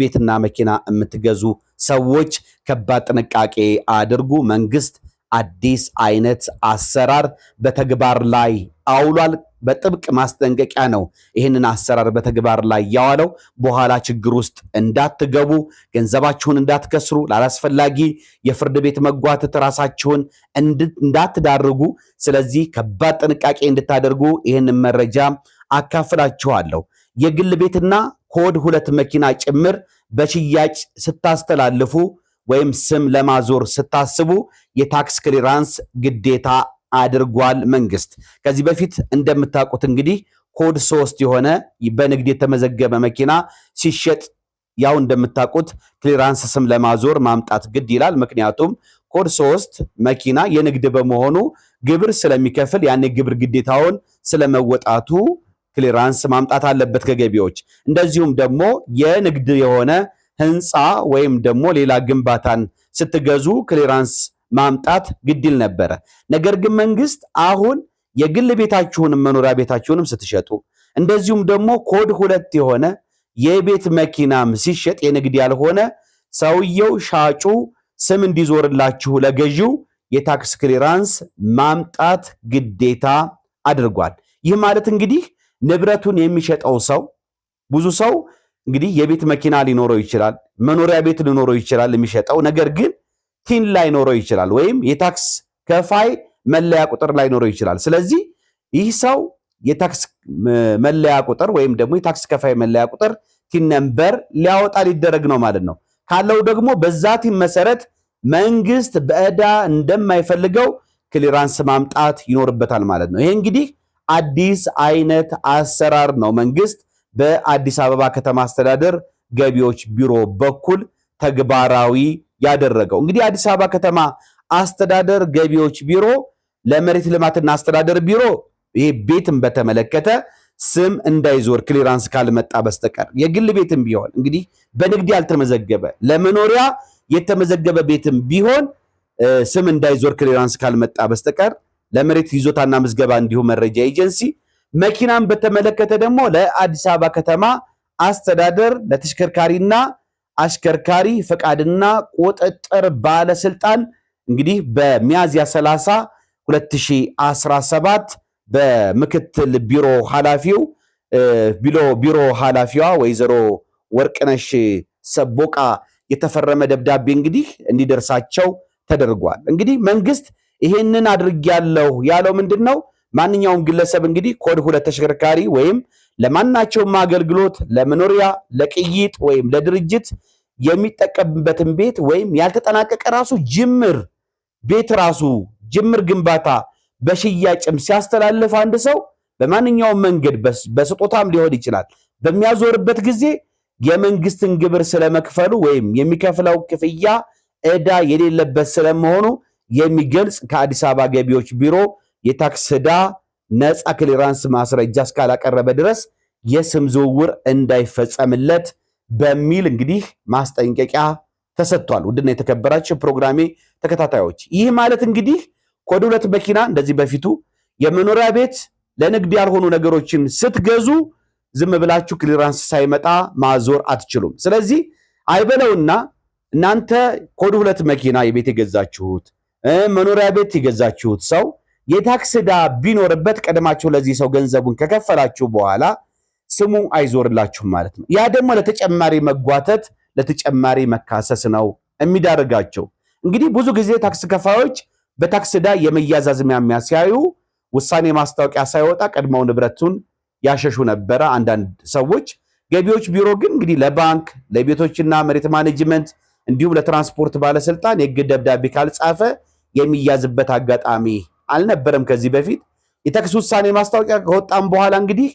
ቤትና መኪና የምትገዙ ሰዎች ከባድ ጥንቃቄ አድርጉ። መንግስት አዲስ አይነት አሰራር በተግባር ላይ አውሏል። በጥብቅ ማስጠንቀቂያ ነው ይህንን አሰራር በተግባር ላይ ያዋለው። በኋላ ችግር ውስጥ እንዳትገቡ፣ ገንዘባችሁን እንዳትከስሩ፣ ላላስፈላጊ የፍርድ ቤት መጓተት ራሳችሁን እንዳትዳርጉ፣ ስለዚህ ከባድ ጥንቃቄ እንድታደርጉ ይህንን መረጃ አካፍላችኋለሁ። የግል ቤትና ሆድ ሁለት መኪና ጭምር በሽያጭ ስታስተላልፉ ወይም ስም ለማዞር ስታስቡ የታክስ ክሊራንስ ግዴታ አድርጓል መንግስት። ከዚህ በፊት እንደምታውቁት እንግዲህ ኮድ ሶስት የሆነ በንግድ የተመዘገበ መኪና ሲሸጥ ያው እንደምታውቁት ክሊራንስ ስም ለማዞር ማምጣት ግድ ይላል። ምክንያቱም ኮድ ሶስት መኪና የንግድ በመሆኑ ግብር ስለሚከፍል ያኔ ግብር ግዴታውን ስለመወጣቱ ክሊራንስ ማምጣት አለበት ከገቢዎች። እንደዚሁም ደግሞ የንግድ የሆነ ህንፃ ወይም ደግሞ ሌላ ግንባታን ስትገዙ ክሊራንስ ማምጣት ግድል ነበረ። ነገር ግን መንግስት አሁን የግል ቤታችሁንም መኖሪያ ቤታችሁንም ስትሸጡ እንደዚሁም ደግሞ ኮድ ሁለት የሆነ የቤት መኪናም ሲሸጥ የንግድ ያልሆነ ሰውየው ሻጩ ስም እንዲዞርላችሁ ለገዢው የታክስ ክሊራንስ ማምጣት ግዴታ አድርጓል። ይህ ማለት እንግዲህ ንብረቱን የሚሸጠው ሰው ብዙ ሰው እንግዲህ የቤት መኪና ሊኖረው ይችላል፣ መኖሪያ ቤት ሊኖረው ይችላል የሚሸጠው ነገር ግን ቲን ላይኖረው ይችላል፣ ወይም የታክስ ከፋይ መለያ ቁጥር ላይኖረው ይችላል። ስለዚህ ይህ ሰው የታክስ መለያ ቁጥር ወይም ደግሞ የታክስ ከፋይ መለያ ቁጥር ቲን ነምበር ሊያወጣ ሊደረግ ነው ማለት ነው። ካለው ደግሞ በዛ ቲን መሰረት መንግስት በእዳ እንደማይፈልገው ክሊራንስ ማምጣት ይኖርበታል ማለት ነው። ይሄ እንግዲህ አዲስ አይነት አሰራር ነው መንግስት በአዲስ አበባ ከተማ አስተዳደር ገቢዎች ቢሮ በኩል ተግባራዊ ያደረገው። እንግዲህ አዲስ አበባ ከተማ አስተዳደር ገቢዎች ቢሮ ለመሬት ልማትና አስተዳደር ቢሮ ይሄ ቤትን በተመለከተ ስም እንዳይዞር ክሊራንስ ካልመጣ በስተቀር የግል ቤትም ቢሆን እንግዲህ በንግድ ያልተመዘገበ ለመኖሪያ የተመዘገበ ቤትም ቢሆን ስም እንዳይዞር ክሊራንስ ካልመጣ በስተቀር ለመሬት ይዞታና ምዝገባ እንዲሁም መረጃ ኤጀንሲ፣ መኪናን በተመለከተ ደግሞ ለአዲስ አበባ ከተማ አስተዳደር ለተሽከርካሪና አሽከርካሪ ፈቃድና ቁጥጥር ባለስልጣን እንግዲህ በሚያዝያ 30 2017 በምክትል ቢሮ ኃላፊው ቢሮ ኃላፊዋ ወይዘሮ ወርቅነሽ ሰቦቃ የተፈረመ ደብዳቤ እንግዲህ እንዲደርሳቸው ተደርጓል። እንግዲህ መንግስት ይሄንን አድርጌያለሁ ያለው ምንድን ነው? ማንኛውም ግለሰብ እንግዲህ ኮድ ሁለት ተሽከርካሪ ወይም ለማናቸውም አገልግሎት ለመኖሪያ፣ ለቅይጥ ወይም ለድርጅት የሚጠቀምበትን ቤት ወይም ያልተጠናቀቀ ራሱ ጅምር ቤት ራሱ ጅምር ግንባታ በሽያጭም ሲያስተላልፍ አንድ ሰው በማንኛውም መንገድ በስጦታም ሊሆን ይችላል በሚያዞርበት ጊዜ የመንግስትን ግብር ስለመክፈሉ ወይም የሚከፍለው ክፍያ ዕዳ የሌለበት ስለመሆኑ የሚገልጽ ከአዲስ አበባ ገቢዎች ቢሮ የታክስ ዕዳ ነፃ ክሊራንስ ማስረጃ እስካላቀረበ ድረስ የስም ዝውውር እንዳይፈጸምለት በሚል እንግዲህ ማስጠንቀቂያ ተሰጥቷል። ውድና የተከበራቸው ፕሮግራሜ ተከታታዮች ይህ ማለት እንግዲህ ኮድ ሁለት መኪና እንደዚህ በፊቱ የመኖሪያ ቤት ለንግድ ያልሆኑ ነገሮችን ስትገዙ ዝም ብላችሁ ክሊራንስ ሳይመጣ ማዞር አትችሉም። ስለዚህ አይበለውና እናንተ ኮድ ሁለት መኪና የቤት የገዛችሁት መኖሪያ ቤት የገዛችሁት ሰው የታክስ ዕዳ ቢኖርበት ቀድማችሁ ለዚህ ሰው ገንዘቡን ከከፈላችሁ በኋላ ስሙ አይዞርላችሁም ማለት ነው። ያ ደግሞ ለተጨማሪ መጓተት፣ ለተጨማሪ መካሰስ ነው የሚዳርጋቸው። እንግዲህ ብዙ ጊዜ ታክስ ከፋዮች በታክስ ዕዳ የመያዝ አዝማሚያ ሲያዩ ውሳኔ ማስታወቂያ ሳይወጣ ቀድመው ንብረቱን ያሸሹ ነበረ አንዳንድ ሰዎች። ገቢዎች ቢሮ ግን እንግዲህ ለባንክ ለቤቶችና መሬት ማኔጅመንት እንዲሁም ለትራንስፖርት ባለስልጣን የግድ ደብዳቤ ካልጻፈ የሚያዝበት አጋጣሚ አልነበረም። ከዚህ በፊት የተክስ ውሳኔ ማስታወቂያ ከወጣም በኋላ እንግዲህ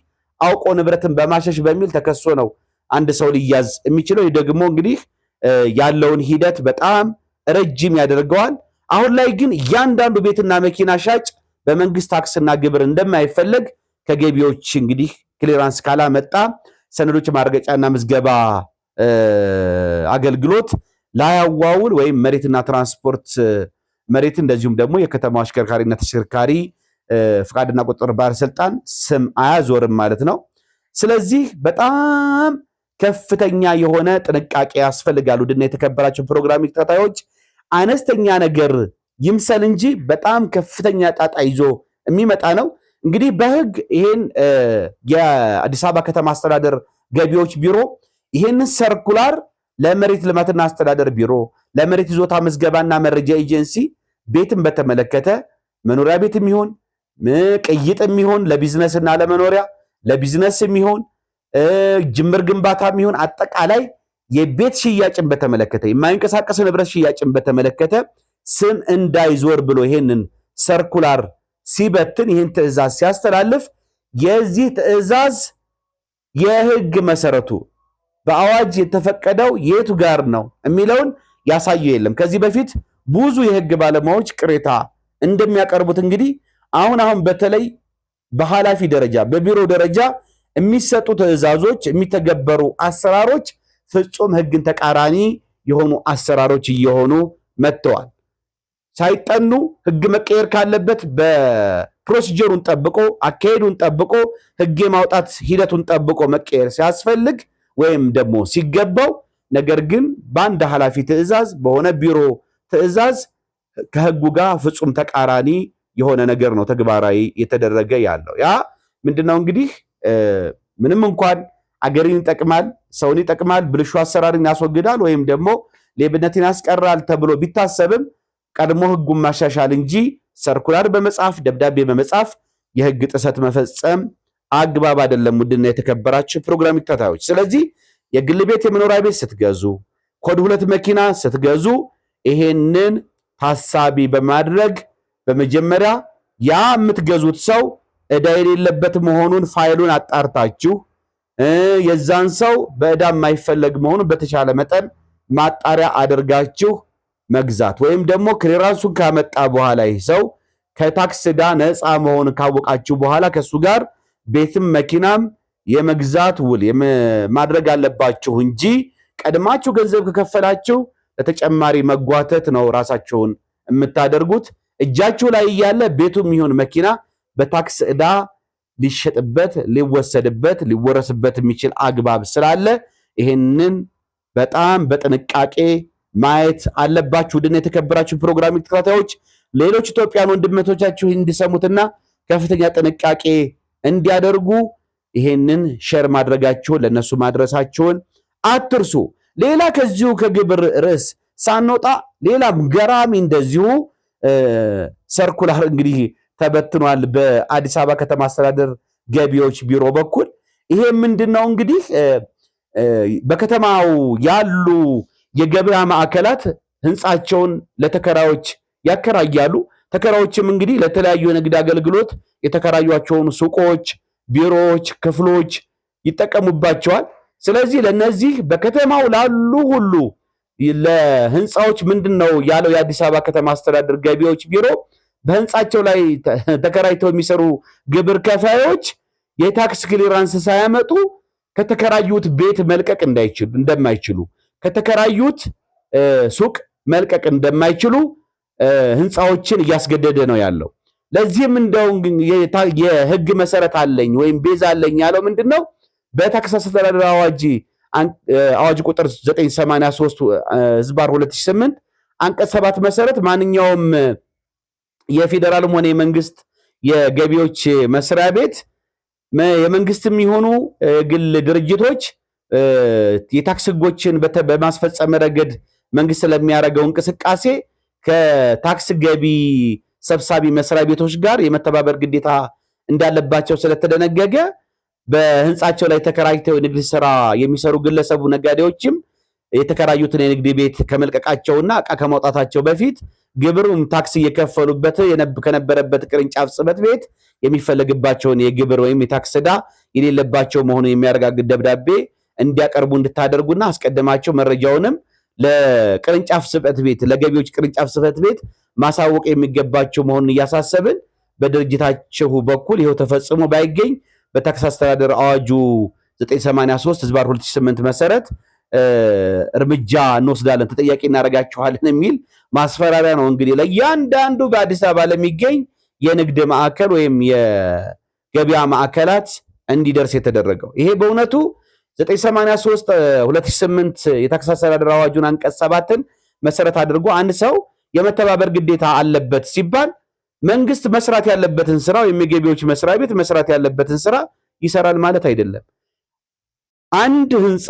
አውቆ ንብረትን በማሸሽ በሚል ተከሶ ነው አንድ ሰው ሊያዝ የሚችለው። ይህ ደግሞ እንግዲህ ያለውን ሂደት በጣም ረጅም ያደርገዋል። አሁን ላይ ግን እያንዳንዱ ቤትና መኪና ሻጭ በመንግስት ታክስና ግብር እንደማይፈለግ ከገቢዎች እንግዲህ ክሊራንስ ካላመጣ ሰነዶች ማረጋገጫና ምዝገባ አገልግሎት ላያዋውል ወይም መሬትና ትራንስፖርት መሬት እንደዚሁም ደግሞ የከተማው አሽከርካሪና ተሽከርካሪ ፍቃድና ቁጥጥር ባለስልጣን ስም አያዞርም ማለት ነው። ስለዚህ በጣም ከፍተኛ የሆነ ጥንቃቄ ያስፈልጋል። ውድና የተከበራቸው ፕሮግራም ተከታታዮች አነስተኛ ነገር ይምሰል እንጂ በጣም ከፍተኛ ጣጣ ይዞ የሚመጣ ነው። እንግዲህ በህግ ይሄን የአዲስ አበባ ከተማ አስተዳደር ገቢዎች ቢሮ ይሄንን ሰርኩላር ለመሬት ልማትና አስተዳደር ቢሮ፣ ለመሬት ይዞታ ምዝገባና መረጃ ኤጀንሲ ቤትን በተመለከተ መኖሪያ ቤት የሚሆን ቅይጥ የሚሆን ለቢዝነስና ለመኖሪያ ለቢዝነስ የሚሆን ጅምር ግንባታ የሚሆን አጠቃላይ የቤት ሽያጭን በተመለከተ የማይንቀሳቀስ ንብረት ሽያጭን በተመለከተ ስም እንዳይዞር ብሎ ይሄንን ሰርኩላር ሲበትን ይህን ትዕዛዝ ሲያስተላልፍ የዚህ ትዕዛዝ የህግ መሰረቱ በአዋጅ የተፈቀደው የቱ ጋር ነው የሚለውን ያሳየ የለም። ከዚህ በፊት ብዙ የህግ ባለሙያዎች ቅሬታ እንደሚያቀርቡት እንግዲህ አሁን አሁን በተለይ በኃላፊ ደረጃ በቢሮ ደረጃ የሚሰጡ ትዕዛዞች፣ የሚተገበሩ አሰራሮች ፍጹም ህግን ተቃራኒ የሆኑ አሰራሮች እየሆኑ መጥተዋል። ሳይጠኑ ህግ መቀየር ካለበት በፕሮሲጀሩን ጠብቆ አካሄዱን ጠብቆ ህግ የማውጣት ሂደቱን ጠብቆ መቀየር ሲያስፈልግ ወይም ደግሞ ሲገባው፣ ነገር ግን በአንድ ኃላፊ ትዕዛዝ በሆነ ቢሮ ትእዛዝ ከህጉ ጋር ፍጹም ተቃራኒ የሆነ ነገር ነው ተግባራዊ የተደረገ ያለው። ያ ምንድነው እንግዲህ ምንም እንኳን አገርን ይጠቅማል፣ ሰውን ይጠቅማል፣ ብልሹ አሰራርን ያስወግዳል ወይም ደግሞ ሌብነትን ያስቀራል ተብሎ ቢታሰብም ቀድሞ ህጉን ማሻሻል እንጂ ሰርኩላር በመጻፍ ደብዳቤ በመጻፍ የህግ ጥሰት መፈጸም አግባብ አይደለም። ውድና የተከበራችሁ ፕሮግራም ተከታታዮች፣ ስለዚህ የግል ቤት የመኖሪያ ቤት ስትገዙ፣ ኮድ ሁለት መኪና ስትገዙ ይሄንን ታሳቢ በማድረግ በመጀመሪያ ያ የምትገዙት ሰው ዕዳ የሌለበት መሆኑን ፋይሉን አጣርታችሁ የዛን ሰው በዕዳ የማይፈለግ መሆኑን በተቻለ መጠን ማጣሪያ አድርጋችሁ መግዛት ወይም ደግሞ ክሊራንሱን ካመጣ በኋላ ይህ ሰው ከታክስ ዕዳ ነፃ መሆን ካወቃችሁ በኋላ ከእሱ ጋር ቤትም መኪናም የመግዛት ውል ማድረግ አለባችሁ እንጂ ቀድማችሁ ገንዘብ ከከፈላችሁ ለተጨማሪ መጓተት ነው ራሳቸውን የምታደርጉት። እጃችሁ ላይ እያለ ቤቱ የሚሆን መኪና በታክስ ዕዳ ሊሸጥበት፣ ሊወሰድበት፣ ሊወረስበት የሚችል አግባብ ስላለ ይህንን በጣም በጥንቃቄ ማየት አለባችሁ። ድና የተከበራችሁ ፕሮግራም ተከታታዮች፣ ሌሎች ኢትዮጵያን ወንድመቶቻችሁ እንዲሰሙትና ከፍተኛ ጥንቃቄ እንዲያደርጉ ይሄንን ሼር ማድረጋችሁን ለነሱ ማድረሳችሁን አትርሱ። ሌላ ከዚሁ ከግብር ርዕስ ሳንወጣ ሌላም ገራሚ እንደዚሁ ሰርኩላር እንግዲህ ተበትኗል በአዲስ አበባ ከተማ አስተዳደር ገቢዎች ቢሮ በኩል። ይሄ ምንድን ነው እንግዲህ በከተማው ያሉ የገበያ ማዕከላት ህንፃቸውን ለተከራዮች ያከራያሉ። ተከራዮችም እንግዲህ ለተለያዩ የንግድ አገልግሎት የተከራዩቸውን ሱቆች፣ ቢሮዎች፣ ክፍሎች ይጠቀሙባቸዋል። ስለዚህ ለነዚህ በከተማው ላሉ ሁሉ ለህንፃዎች ምንድን ነው ያለው የአዲስ አበባ ከተማ አስተዳደር ገቢዎች ቢሮ በህንፃቸው ላይ ተከራይተው የሚሰሩ ግብር ከፋዮች የታክስ ክሊራንስ ሳያመጡ ከተከራዩት ቤት መልቀቅ እንደማይችሉ ከተከራዩት ሱቅ መልቀቅ እንደማይችሉ ህንፃዎችን እያስገደደ ነው ያለው። ለዚህም እንደው የህግ መሰረት አለኝ ወይም ቤዛ አለኝ ያለው ምንድን ነው በታክስ አስተዳደር አዋጅ አዋጅ ቁጥር 983 ህዝባር 2008 አንቀጽ 7 መሰረት ማንኛውም የፌዴራልም ሆነ የመንግስት የገቢዎች መስሪያ ቤት የመንግስትም የሆኑ ግል ድርጅቶች የታክስ ህጎችን በማስፈጸም ረገድ መንግስት ለሚያደርገው እንቅስቃሴ ከታክስ ገቢ ሰብሳቢ መስሪያ ቤቶች ጋር የመተባበር ግዴታ እንዳለባቸው ስለተደነገገ በህንፃቸው ላይ ተከራይተው የንግድ ስራ የሚሰሩ ግለሰቡ ነጋዴዎችም የተከራዩትን የንግድ ቤት ከመልቀቃቸውና እቃ ከማውጣታቸው በፊት ግብሩም ታክስ እየከፈሉበት ከነበረበት ቅርንጫፍ ጽሕፈት ቤት የሚፈለግባቸውን የግብር ወይም የታክስ ዕዳ የሌለባቸው መሆኑን የሚያረጋግጥ ደብዳቤ እንዲያቀርቡ እንድታደርጉና አስቀድማቸው መረጃውንም ለቅርንጫፍ ጽሕፈት ቤት ለገቢዎች ቅርንጫፍ ጽሕፈት ቤት ማሳወቅ የሚገባቸው መሆኑን እያሳሰብን በድርጅታችሁ በኩል ይኸው ተፈጽሞ ባይገኝ በታክስ አስተዳደር አዋጁ 983 ህዝባር 2008 መሰረት እርምጃ እንወስዳለን፣ ተጠያቂ እናደርጋችኋለን የሚል ማስፈራሪያ ነው። እንግዲህ ለእያንዳንዱ በአዲስ አበባ ለሚገኝ የንግድ ማዕከል ወይም የገበያ ማዕከላት እንዲደርስ የተደረገው ይሄ በእውነቱ 983 2008 የታክስ አስተዳደር አዋጁን አንቀጽ ሰባትን መሰረት አድርጎ አንድ ሰው የመተባበር ግዴታ አለበት ሲባል መንግስት መስራት ያለበትን ስራ ወይም የገቢዎች መስሪያ ቤት መስራት ያለበትን ስራ ይሰራል ማለት አይደለም። አንድ ህንፃ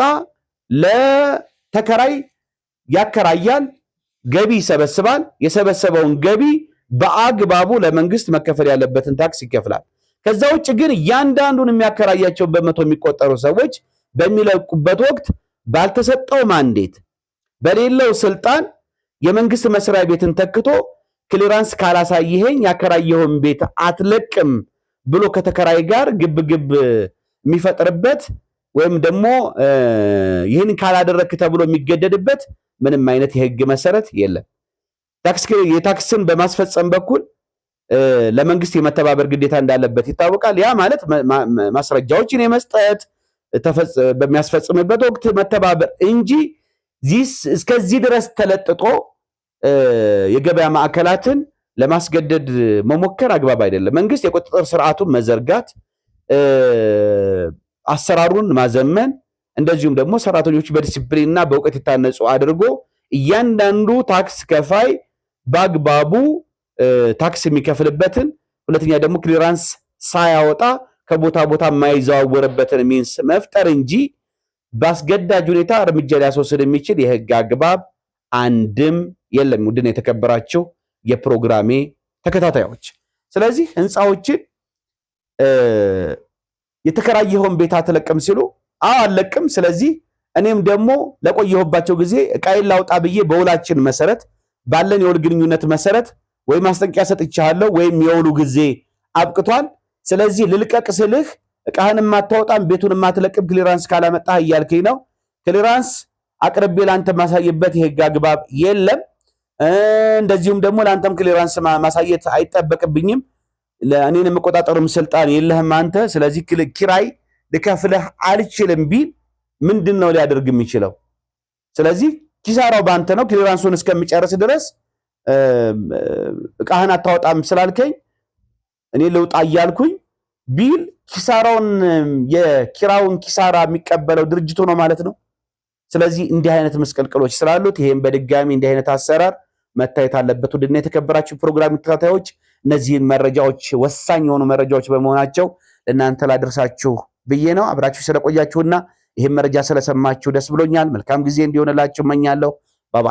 ለተከራይ ያከራያል፣ ገቢ ይሰበስባል። የሰበሰበውን ገቢ በአግባቡ ለመንግስት መከፈል ያለበትን ታክስ ይከፍላል። ከዛ ውጭ ግን እያንዳንዱን የሚያከራያቸውን በመቶ የሚቆጠሩ ሰዎች በሚለቁበት ወቅት ባልተሰጠው ማንዴት በሌለው ስልጣን የመንግስት መስሪያ ቤትን ተክቶ ክሊራንስ ካላሳይኸኝ ያከራየውን ቤት አትለቅም ብሎ ከተከራይ ጋር ግብግብ የሚፈጥርበት ወይም ደግሞ ይህን ካላደረክ ተብሎ የሚገደድበት ምንም አይነት የህግ መሰረት የለም። የታክስን በማስፈጸም በኩል ለመንግስት የመተባበር ግዴታ እንዳለበት ይታወቃል። ያ ማለት ማስረጃዎችን የመስጠት በሚያስፈጽምበት ወቅት መተባበር እንጂ እስከዚህ ድረስ ተለጥጦ የገበያ ማዕከላትን ለማስገደድ መሞከር አግባብ አይደለም። መንግስት የቁጥጥር ስርዓቱን መዘርጋት፣ አሰራሩን ማዘመን እንደዚሁም ደግሞ ሰራተኞች በዲስፕሊንና በእውቀት የታነጹ አድርጎ እያንዳንዱ ታክስ ከፋይ በአግባቡ ታክስ የሚከፍልበትን ሁለተኛ ደግሞ ክሊራንስ ሳያወጣ ከቦታ ቦታ የማይዘዋወርበትን ሚንስ መፍጠር እንጂ በአስገዳጅ ሁኔታ እርምጃ ሊያስወስድ የሚችል የህግ አግባብ አንድም የለም። ውድን የተከበራቸው የፕሮግራሜ ተከታታዮች፣ ስለዚህ ህንፃዎችን የተከራየኸውን ቤት አትለቅም ሲሉ አዎ አለቅም። ስለዚህ እኔም ደግሞ ለቆየሁባቸው ጊዜ እቃዬን ላውጣ ብዬ በውላችን መሰረት ባለን የውል ግንኙነት መሰረት ወይም ማስጠንቀቂያ ሰጥቻለሁ ወይም የውሉ ጊዜ አብቅቷል። ስለዚህ ልልቀቅ ስልህ እቃህን የማታወጣም ቤቱን የማትለቅም ክሊራንስ ካላመጣህ እያልክኝ ነው። ክሊራንስ አቅርቤ ላንተ ማሳይበት የህግ አግባብ የለም። እንደዚሁም ደግሞ ለአንተም ክሊራንስ ማሳየት አይጠበቅብኝም። ለእኔን የምቆጣጠሩም ስልጣን የለህም አንተ። ስለዚህ ኪራይ ልከፍለህ አልችልም ቢል ምንድን ነው ሊያደርግ የሚችለው? ስለዚህ ኪሳራው በአንተ ነው። ክሊራንሱን እስከሚጨርስ ድረስ እቃህን አታወጣም ስላልከኝ እኔ ልውጣ እያልኩኝ ቢል ኪሳራውን የኪራዩን ኪሳራ የሚቀበለው ድርጅቱ ነው ማለት ነው። ስለዚህ እንዲህ አይነት ምስቅልቅሎች ስላሉት ይሄም በድጋሚ እንዲህ አይነት አሰራር መታየት አለበት። ውድና የተከበራችሁ ፕሮግራም ተከታታዮች እነዚህ መረጃዎች ወሳኝ የሆኑ መረጃዎች በመሆናቸው ለእናንተ ላደርሳችሁ ብዬ ነው። አብራችሁ ስለቆያችሁና ይህም መረጃ ስለሰማችሁ ደስ ብሎኛል። መልካም ጊዜ እንዲሆንላችሁ እመኛለሁ። ባባይ